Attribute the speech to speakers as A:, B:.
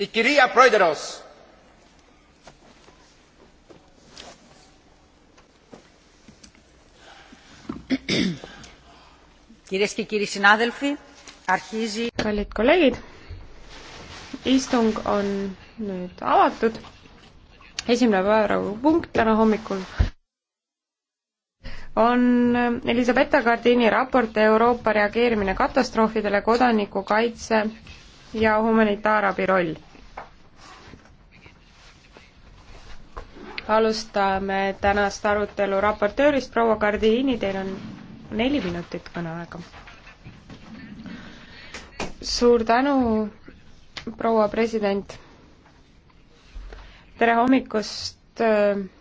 A: Η κυρία Πρόεδρος.
B: Κυρίες και κύριοι συνάδελφοι, αρχίζει... Kallid kolleegid,
C: istung on nüüd avatud. Esimene päevapunkt täna hommikul on Elisabetta Gardini raport Euroopa reageerimine katastroofidele, kodanikukaitse ja humanitaarabi roll alustame tänast arutelu raportöörist, proua Gardiini, teil on neli minutit kõneaega. suur tänu,
B: proua president. tere hommikust äh,